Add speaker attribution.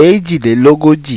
Speaker 1: èjìlélógójì